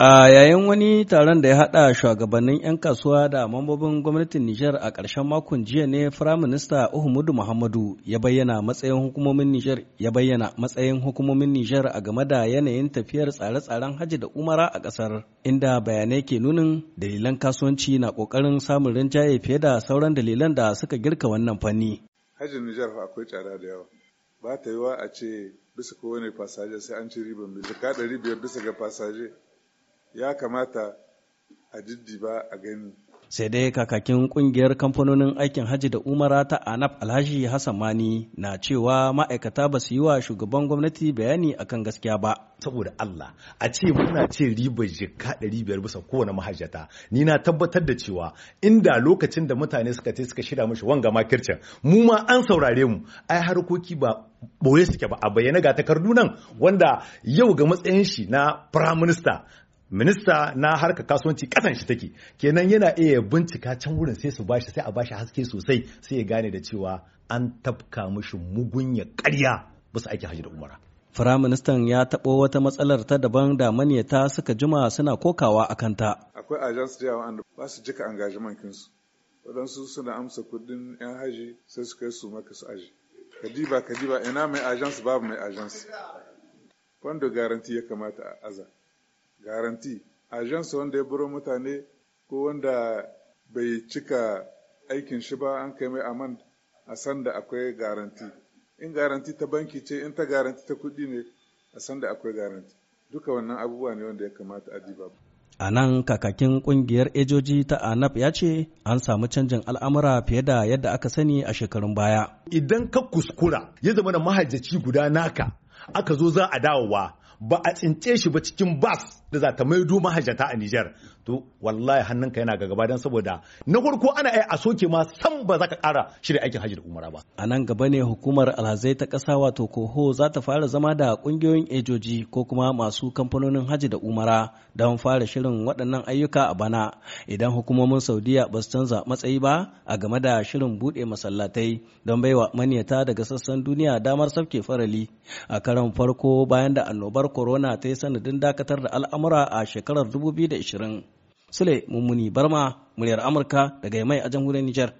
A yayin wani taron da ya haɗa shugabannin 'yan kasuwa da mambobin gwamnatin Nijar a ƙarshen makon jiya ne Firaminista Uhumudu Muhammadu ya bayyana matsayin hukumomin Nijar ya bayyana matsayin hukumomin Nijar a game da yanayin tafiyar tsare-tsaren hajji da umara a ƙasar, inda bayanai ke nunin dalilan kasuwanci na ƙoƙarin samun rinjaye fiye da sauran dalilan da suka girka wannan fanni. Hajji Nijar akwai tsada da yawa. Ba ta wa a ce bisa kowane fasaje sai an ci riba mai Ka ɗari biyar bisa ga fasaje ya kamata a diddiba a gani sai dai kakakin kungiyar kamfanonin aikin hajji da umara ta anap alhaji hassan mani na cewa ma'aikata ba su yi wa shugaban gwamnati bayani akan gaskiya ba saboda Allah a ce muna ce riba jika biyar bisa kowane mahajjata ni na tabbatar da cewa inda lokacin da mutane suka ce suka shirya mashi wanga makircin mu ma an saurare mu ai harkoki ba boye suke ba a bayyana ga takardu nan wanda yau ga matsayin shi na firaminista minista na harkar kasuwanci kasan shi take kenan yana iya bincika can wurin sai su bashi sai a bashi haske sosai sai ya gane da cewa an tafka mushi mugunya karya bisa aikin hajji da umara Firaministan ya taɓo wata matsalar ta daban da manyata suka jima suna kokawa a kanta. Akwai ajans da yawa wanda ba su jika engagement kinsu. Waɗansu suna amsa kuɗin 'yan haji sai su kai su maka su aji. Kadiba kadiba ina mai ajans babu mai ajans Wanda garanti ya kamata a aza. garanti agents wanda ya buro mutane ko wanda bai cika aikin shi ba an kai mai aman a san da akwai garanti in garanti ta banki ce in ta garanti ta kudi ne a san akwai garanti duka wannan abubuwa ne wanda ya kamata a diba a nan kakakin kungiyar ejoji ta anap ya ce an samu canjin al'amura fiye da yadda aka sani a shekarun baya idan ka kuskura ya zama da mahajjaci guda naka aka zo za a dawowa ba a tsince shi ba cikin bas da za ta maido mahajjata a Nijar to wallahi hannunka yana gaba dan saboda na farko ana ai a soke ma san ba za ka kara shirya aikin hajji da umara ba a nan gaba ne hukumar alhazai ta ƙasa wato koho za ta fara zama da ƙungiyoyin ejoji ko kuma masu kamfanonin hajji da umara don fara shirin waɗannan ayyuka a bana idan hukumomin saudiya ba su canza matsayi ba a game da shirin buɗe masallatai don baiwa maniyata daga sassan duniya damar sauke farali a karan farko bayan da annoba annobar corona ta yi sanadin dakatar da al'amura a shekarar 2020. Sule Mummuni Barma, muryar Amurka daga mai a jamhuriyar Nijar.